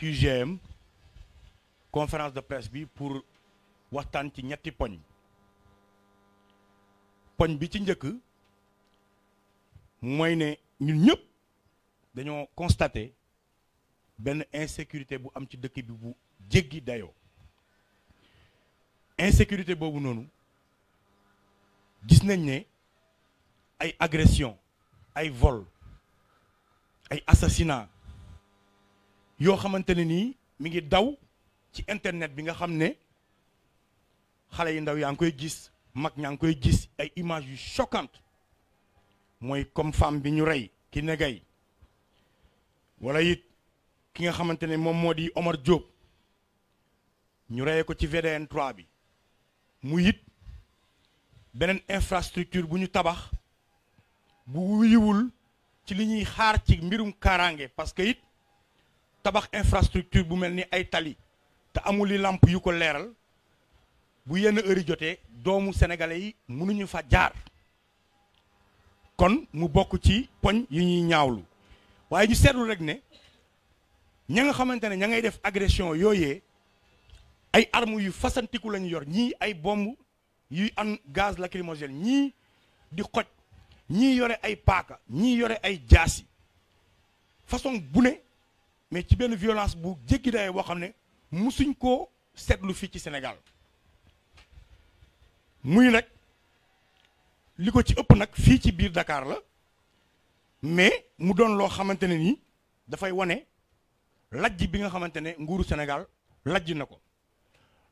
QGM conférence de presse bi pour waxtaan ci ñetti Pogne poñ bi ci njëkk mooy ne ñun ñëpp dañoo constater benn insécurité bu am ci dëkk bi bu jéggi dayoo insécurité boobu noonu gis nañ ne ay agression ay vol ay assassinat yoo xamante ne nii mi ngi daw ci internet bi nga xam ne xale yu ndaw yaa ngi koy gis mag ñaa ngi koy gis ay images yu choquantes mooy comme femme bi ñu rey ki negay wala it ki nga xamante ne moom moo di Omar Diop ñu reyee ko ci VDN bi mu it beneen infrastructure bu ñu tabax bu wuyuwul ci li ñuy xaar ci mbirum kaaraange parce que it tabac, infrastructure bu melni ni ay tali te amul yu ko sénégalais yi mënuñu fa kon mu ci yu ñuy ñaawlu waye ñu sétlu rek né ña nga def agression yoyé ay armes yu fasantiku la yor ñi ay bomb yu an gaz lacrymogène di xoj ñi yore ay paka, ay jasi, façon mais ci benn violence bu jéggi dayoo boo xam ne musuñ koo seetlu fii ci senegal muy nag li ko ci ëpp nag fii ci biir dakaar la mais mu doon loo xamante ne nii dafay wane lajj bi nga xamante ne nguuru Sénégal lajj na ko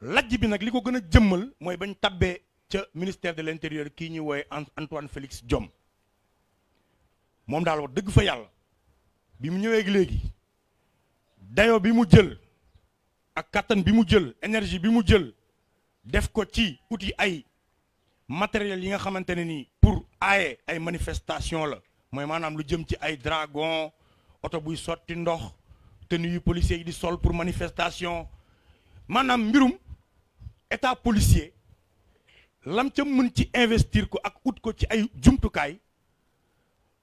lajj bi nag li ko gën a jëmmal mooy bañ tabbee ca ministère de l'intérieur kii ñuy woowe Antoine Félix Diome moom daal wax dëgg fa yàlla bi mu ñëwee léegi dayo bi mu jël ak kattan bi mu jël énergie bi mu jël def ko ci uti ay matériel yi nga xamante ne nii pour aaye ay manifestation la mooy maanaam lu jëm ci ay dragon oto buy sotti ndox te yu policier yi di sol pour manifestation maanaam mbirum état policier lam ca mën ci investir ko ak ut ko ci ay jumtukaay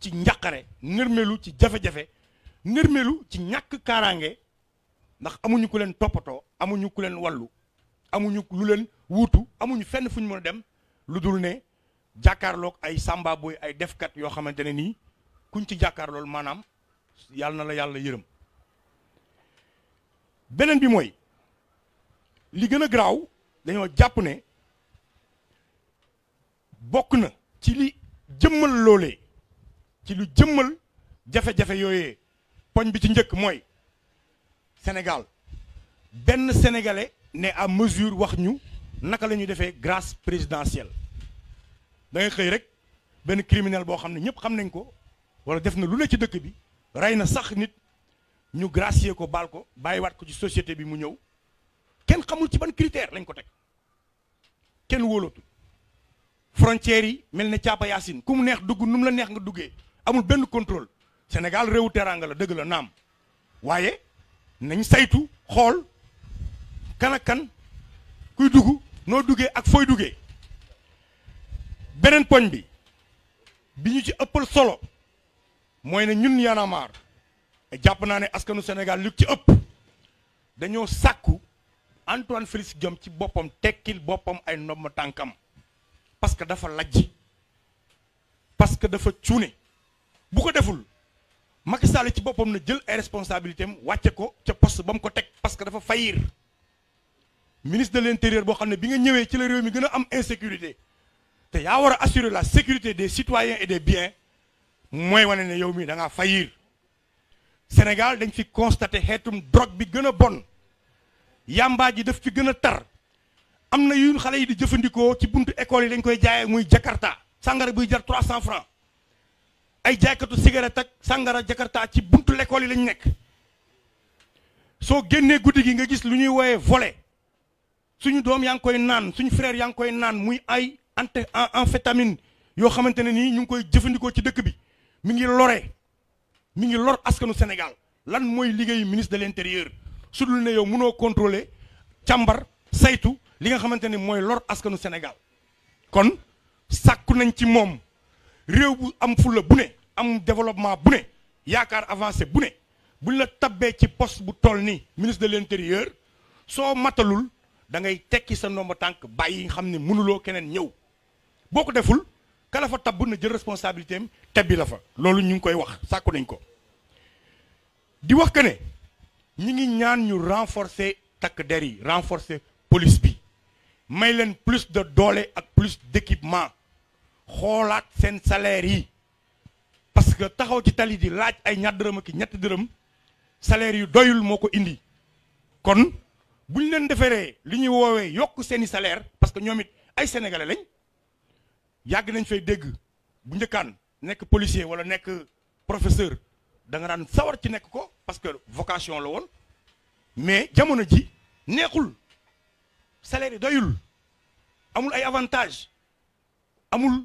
ci njàqare nërmeelu ci jafe-jafe nërmeelu ci ñàkk kaaraange ndax amuñu ku leen toppatoo amuñu ku leen wallu amuñu lu leen wuutu amuñu fenn fu ñu mën a dem lu dul ne jàkkaarloog ay samba ay defkat yoo xamante ne nii kuñ ci jàkkaarlool maanaam yàlla na la yàlla yërëm beneen bi mooy li gën a garaaw dañoo jàpp ne bokk na ci li jëmmal loolee jëmmal jafe-jafe yooyee poñ bi ci njëkk mooy Sénégal benn sénégalais ne à mesure wax ñu naka la ñuy defee grace présidentielle da xëy rek benn criminel boo xam ne ñëpp xam nañ ko wala def na lu ne ci dëkk bi rey na sax nit ñu gracier ko baal ko bàyyiwaat ko ci société bi mu ñëw kenn xamul ci ban critère lañ ko teg kenn wóolootul frontières yi mel ne caapa yaasin ku mu neex dugg nu mu la neex nga duggee amul benn contrôle Sénégal réewu teraanga la dëgg la naam waaye nañ saytu xool kanakan kuy dugg noo duggee ak fooy duggee beneen poñ bi bi ñu ci ëppal solo mooy ne ñun Y'en a jàpp naa ne askanu Sénégal lu ci ëpp dañoo sàkku Antoine Félix Diome ci boppam tekkil boppam ay ndomb tànkam parce que dafa lajj parce que dafa cuune bu ko deful Macky Sall ci bopam na jël ay responsabilité am wàcce ko ci poste bam ko tek parce que dafa fayir ministre de l'intérieur bo xamné bi nga ñëwé ci la réew mi gëna am insécurité té ya wara assurer la sécurité des citoyens et des biens moy wane ne yow mi da nga fayir Sénégal dañ fi constater hétum drogue bi gëna bon yamba ji daf ci gëna tar am yuñ xalé yi di jëfëndiko ci buntu école yi dañ koy jaay muy Jakarta sangare buy jar 300 francs ay jaaykatu cigarette ak sàngara jakarta ci buntu l'école yi lañu nekk soo génnee guddi gi nga gis lu ñuy wooyee volet suñu doom yaa ngi koy naan suñu frère yaa ngi koy naan muy ay ante amphétamine yoo xamante ne nii ñu ngi koy jëfandikoo ci dëkk bi mi ngi lore mu ngi lor askanu Sénégal lan mooy liggéeyu ministre de l'intérieur su dul ne yow munoo contrôler càmbar saytu li nga xamante ni mooy lor askanu Sénégal kon sàkku nañ ci moom. réew bu am fulla bu ne am développement bu ne yaakaar avancé bu ne buñ la tabbee ci poste bu toll ni ministre de l'intérieur soo matalul da ngay tekki sa ndomba tànk bàyyi nga xam ne mënuloo keneen ñëw boo ko deful kala fa tabb na jël responsabilité am tebbi la fa loolu ñu ngi koy wax sàkku nañ ko di wax que ne ñi ngi ñaan ñu renforcer takk der yi renforcer police bi may leen plus de doole ak plus d'équipement xoolaat sen salaire yi parce que taxaw ci tali di laaj ay ñaar deureum ak ñetti deureum salaire yu doyul moko indi kon buñ leen defaree li wowe yok yokk salaire parce que ñomit ay sénégalais lañ yag nañ fay dégg bu njëkkaan nek policier wala nek professeur da nga daan sawar ci nek ko parce que vocation la won mais jamono ji neexul salaire doyul amul ay avantage amul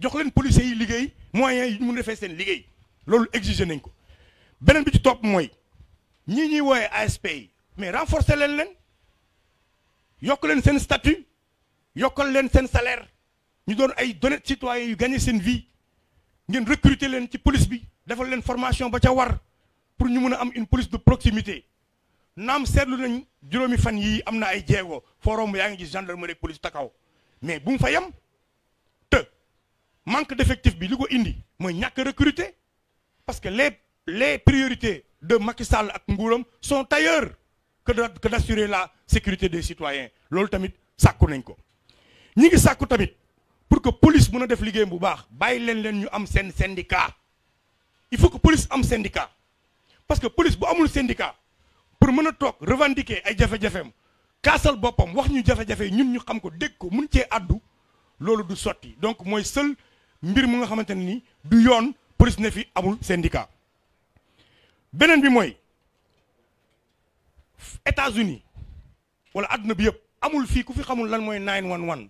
jox leen policiers yi liggéey moyens yi ñu mun defee seen liggéey loolu exiger nañ ko beneen bi ci topp mooy ñii ñuy ASP mais renforcer l'en leen yokk leen seen statut yokkal leen seen salaire ñu doon ay honnêtes citoyens yu gagné s'en vie ngeen recruter l'en ci police bi defal l'en formation ba ca war pour ñu mun am une police de proximité Nam seetlu nañ juroomi fan yi amna ay jéego forum yaa ngi gis gendarmerie police takaw mais bu mu fa yam manque d'effectifs, bi li ko indi mooy ñàkk recruter parce que les les priorités de Macky Sall ak nguuram sont ailleurs que de que d'assurer la sécurité des citoyens C'est tamit qu'on nañ ko. ñi ngi sàkku tamit pour que police puisse faire def liggéeyam bu baax bàyyi leen leen ñu am syndicat il faut que police am syndicat parce que police bu amul syndicat pour mën revendiquer toog revendiquer ay jafe-jafeem kaasal boppam wax ñu jafe-jafe ñun ñu xam ko dégg ko savent addu loolu du sotti donc le seul mbir mu nga xamanteni ni du yoon police ne fi amul syndicat benen bi mooy États-Unis wala àdduna bi yëpp amul fii ku fi xamul lan mooy 911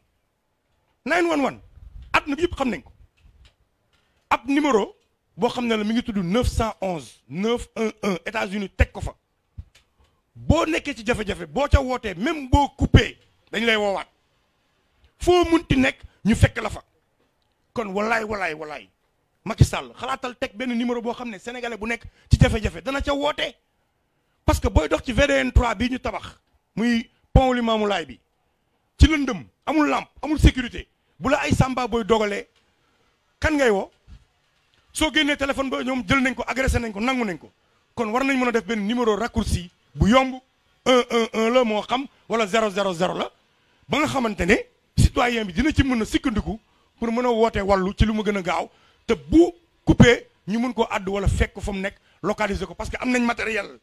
911 àdduna bi yëpp xam nañ ko ab numéro boo xam ne la mi ngi tudd 911 911 États-Unis teg ko fa boo nekkee ci jafe-jafe boo ca wootee même boo coupé dañ lay woowaat foo munti nekk ñu fekk la fa. kon walaay walaay walaay Macky Sall xalaatal teg benn numéro boo xam ne sénégalais bu nekk ci jafe-jafe dana ca woote. parce que booy dox ci VDN 3 bii ñu tabax muy pont Limaamu Laay bi ci lëndëm amul làmp amul sécurité bu la ay samba booy dogalee kan ngay woo soo génnee téléphone ba ñoom jël nañ ko agressé nañ ko nangu nañ ko kon war nañ mën a def benn numéro raccourci bu yomb 111 la moo xam wala 000 la ba nga xamante ne citoyen bi dina ci mën a sikkandiku pour mën a woote wallu ci lu mu gën a gaaw te bu coupé ñu mun ko àdd wala fekk fa mu nekk localiser ko parce que am nañ matériel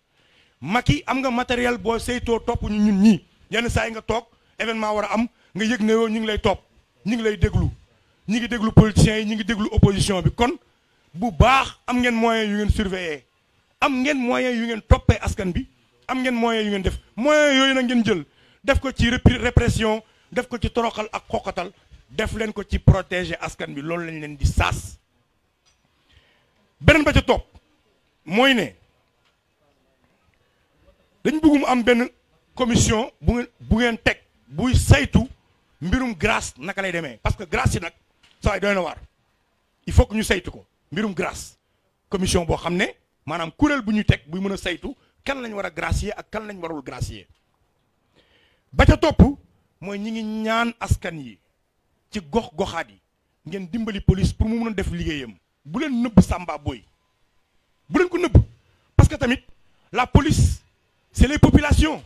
Macky am nga matériel boo saytoo topp ñu ñun ñii yenn saa yi nga toog événement war a am nga yëg ne yow ñu ngi lay topp ñu ngi lay déglu ñu ngi déglu politiciens yi ñu ngi déglu opposition bi kon bu baax am ngeen moyen yu ngeen surveiller am ngeen moyen yu ngeen toppee askan bi am ngeen moyen yu ngeen def moyen yooyu na ngeen jël def ko ci répression def ko ci toroxal ak xoqatal def leen ko ci protéger askan bi loolu lañ leen di saas beneen ba ca topp mooy ne dañ bëggum am benn commission bu bu ngeen teg buy saytu mbirum grâce naka lay demee parce que grâce yi nag saa doy na waar il faut que ñu saytu ko mbirum grâce commission boo xam ne maanaam kuréel bu ñu teg buy mën a saytu kan lañ war a gracier ak kan lañ warul gracier ba ca topp mooy ñi ngi ñaan askan yi ci gox goxaat yi dimbali police pour mu mun def liggéeyam bu Samba Boy bu leen ko parce que tamit la police c'est les populations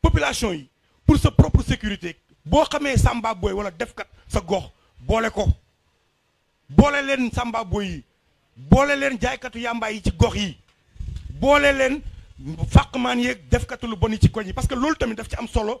population yi pour sa propre sécurité boo xamee Samba Boy wala defkat sa gox boole ko boole leen Samba Boy yi boole leen jaaykatu yàmba yi ci gox yi boole leen yeeg defkatu lu bon yi ci koñ parce que loolu tamit daf ci am solo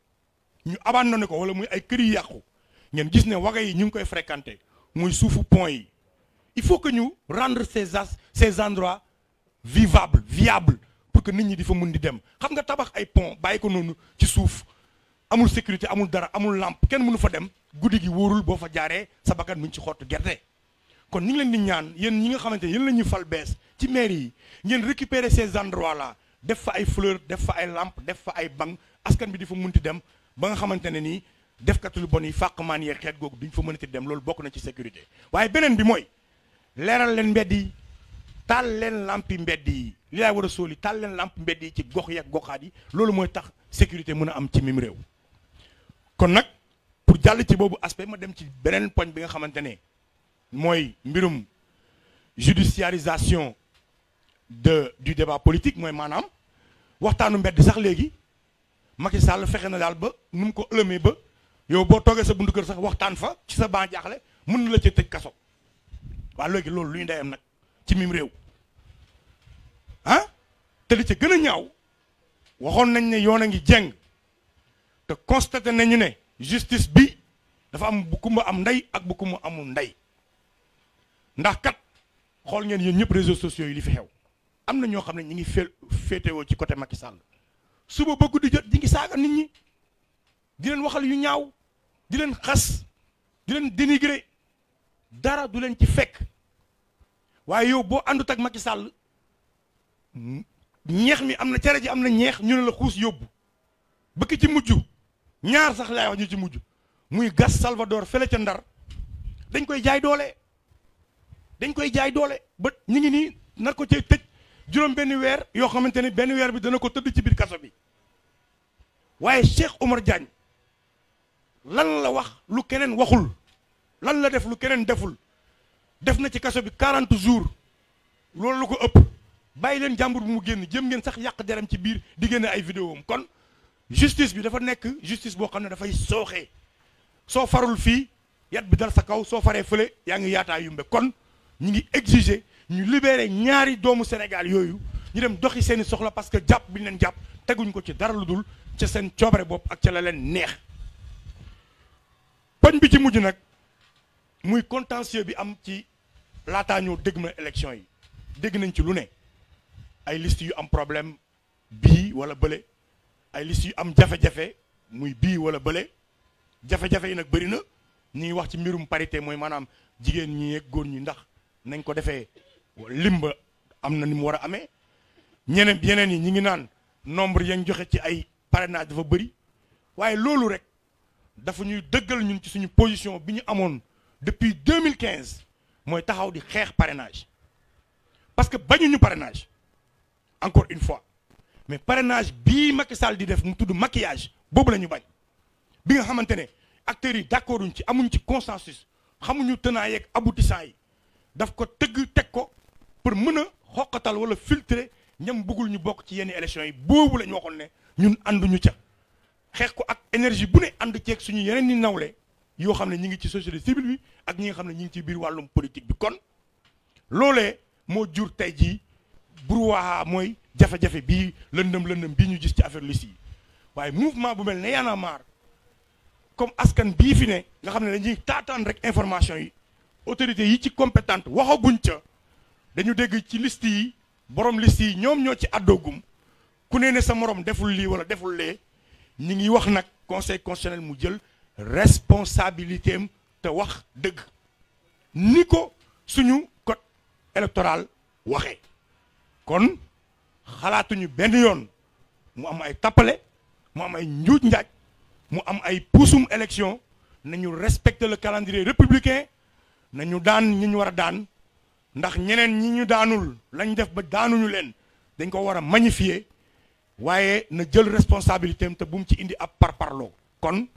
Nous abandonné ko wala fréquenté pont il faut que nous rendre ces ces endroits vivables viables pour que nous ñi Nous avons dem pont amul sécurité amul dara amul lampe kenn mënu fa dem guddi gi bo fa sabakan muñ ci kon leen ñaan ñi nga fal ci mairie récupérer ces endroits là def fa ay fleurs def fa ay lampes def fa askan ba nga xamantene ni def defkatu lu bon yi fàq maan duñ fa ci dem loolu bokku na ci sécurité waaye benen bi moy léral leen mbedd tal taal leen lampi mbedd li laay war a tal leen lampi mbedd ci gox yak goxadi yi moy tax sécurité mëna am ci mim réew kon nak pour jall ci bobu aspect ma dem ci benen poñ bi nga xamantene moy mbirum judiciarisation de du débat politique moy manam waxtanu mbedd sax légui Macky Sall fexe na daal ba nu mu ko ëlëmee ba yow boo toogee sa buntu kër sax waxtaan fa ci sa ban jaaxle mën na la ci tëj kaso waa léegi loolu lu ñu ndeyam nag ci mim réew ah te li ci gën a ñaaw waxoon nañ ne yoon a ngi jeng te constaté nañu ne justice bi dafa am bu kumba am ndey ak bu kumba amul ndey ndax kat xool ngeen yéen ñëpp réseaux sociaux yi li fi xew am na ñoo xam ne ñu ngi féetewoo ci côté Macky Sall suba ba di jot di ngi saga nit ñi di leen waxal yu ñaaw di leen xass di leen dénigrer dara du leen ci fekk waye yow bo andut ak Macky Sall ñeex mi amna na cere ji am ñeex ñu la xuus yobbu bëkk ci muju ñaar sax lay wax ñu ci muju muy gas Salvador fele ci ndar dañ koy jaay doole dañ koy jaay doole ba ñi ngi ni nar ko ci tëj juroom benn weer yoo xamante benn weer bi dana ko tëdd ci biir kaso bi waaye Cheikh Omar Diagne lan la wax lu keneen waxul lan la def lu keneen deful def na ci kaso bi 40 jours loolu lu ko ëpp bàyyi leen jàmbur bu mu génn jëm ngeen sax yàq deram ci biir di génne ay vidéo am kon justice bi dafa nekk justice boo xam ne dafay sooxee soo farul fii yat bi dal sa kaw soo faree fële yaa ngi yaataa yumbe kon ñu ngi exiger ñu libérer ñaari doomu Sénégal yooyu ñu dem doxi seeni soxla parce que jàpp bi leen jàpp teguñ ko ci dara lu dul ca seen coobare bopp ak ca la leen neex poñ bi ci mujj nag muy contentieux bi am ci laataa ñoo dégg ma élection yi dégg nañ ci lu ne ay liste yu am problème bii wala bële ay liste yu am jafe-jafe muy bii wala bële jafe-jafe yi nag bëri na ñu wax ci mbirum parité mooy maanaam jigéen ñi ak góor ñi ndax nañ ko defee limba am na ni mu war a amee ñeneen yeneen yi ñi ngi naan nombre yañ joxe ci ay parrainage de bëri c'est ce rek dafa ñuy Nous position depuis 2015 Nous taxaw parrainage parce que bañuñu parrainage encore une fois mais parrainage bi Macky Sall di def maquillage boobu lañu bañ bi nga acteurs d'accord ci amuñ ci consensus xamuñu tenants yeeg aboutissant yi daf ko teug ko pour mëna xokatal filtrer ñam élections ñun ànduñu ca xeex ko ak énergie bu ne ànd ceeg suñu yeneen ni nawle yoo xam ne ñi ngi ci société civile bi ak ñi nga xam ne ñi ngi ci biir wàllum politique bi kon loole moo jur tey jii brouhaha mooy jafe-jafe bii lëndëm lëndëm bi ñu jis ci affaire liste yi waaye mouvement bu mel ne Y'en a marre comme askan bii fi ne nga xam ne dañuy taataan rek information yi autorités yi ci compétente waxaguñ ca dañu dégg ci liste yi borom list yi ñoom ñoo ci àddoogum ku ne ne sa morom deful lii wala deful lee ñi ngi wax nag conseil constitutionnel mu jël responsabilité am te wax dëgg ni ko suñu code électoral waxee kon xalaatuñu benn yoon mu am ay tappale mu am ay njuuj njaaj mu am ay puusum élection nañu respecter la calendrier républicain nañu daan ñi ñu war a daan ndax ñeneen ñi ñu daanul lañ def ba daanuñu leen dañ ko war a magnifier waaye na jël responsabilité am te bu mu ci indi ab parparloo kon